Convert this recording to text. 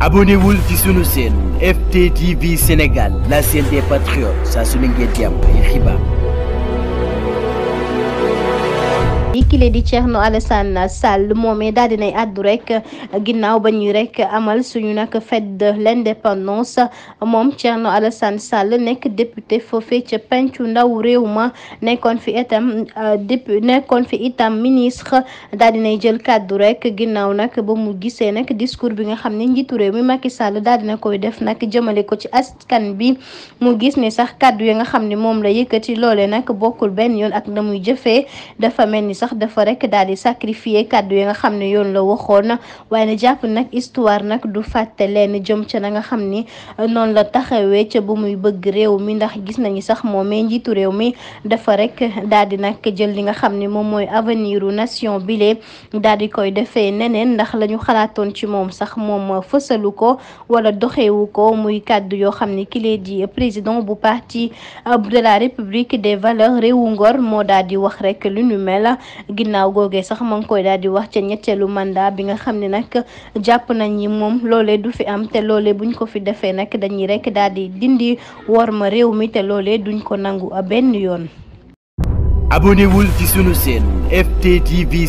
abonnez-vous nos sunu chaîne FTTV Sénégal la chaîne des patriotes Ça, su ne kile di Thierno Alassane Sall moomee daal dinay àddu rek ginnaaw ba ñuy rek amal suñu nag fête de l'indépendance moom Thierno Alassane Sall nekk député foofee ca pencu ndaw réew ma nekkoon fi itam euh, député nekkoon fi itam ministre daal dinay jël kàddu rek ginnaaw nag ba mu gisee nag discours bi nga xam ne njiitu réew mi Macky Sall daal dina koy def nag jëmale ko ci askan bi mu gis ne sax kàddu yi nga xam ne moom la yëkkati loole nag bokkul benn yoon ak muy jëfee dafa rekk daal di sacrifier kàddu yi nga xam ne yoon la waxoon waaye na jàpp nag histoire nag du fàtte leen jëm ca na nga xam ni noonu la taxawee ca bu muy bëgg réew mi ndax gis nañu sax moomee njiitu réew mi dafa rek daal di nag jël li nga xam ne moom mooy avenir nation bile daal di koy defee neneen ndax la xalaatoon ci moom sax moom fësalu ko wala doxewu ko muy kàddu yoo xam ni kile di président bu parti de la république des valeurs réewu ngor moo daal di wax rek lu ñu mel ginnaaw googee sax ma ngi koy daal di wax ca ñetteelu mandat bi nga xam ne nag jàpp nañ ñi moom loolee du fi am te loolee buñ ko fi defee nag dañuy rekk daal di dindi wor réew mi te loolee duñ ko nangu a benn yoon. abonnez-vous ci sunu chaîne FTTV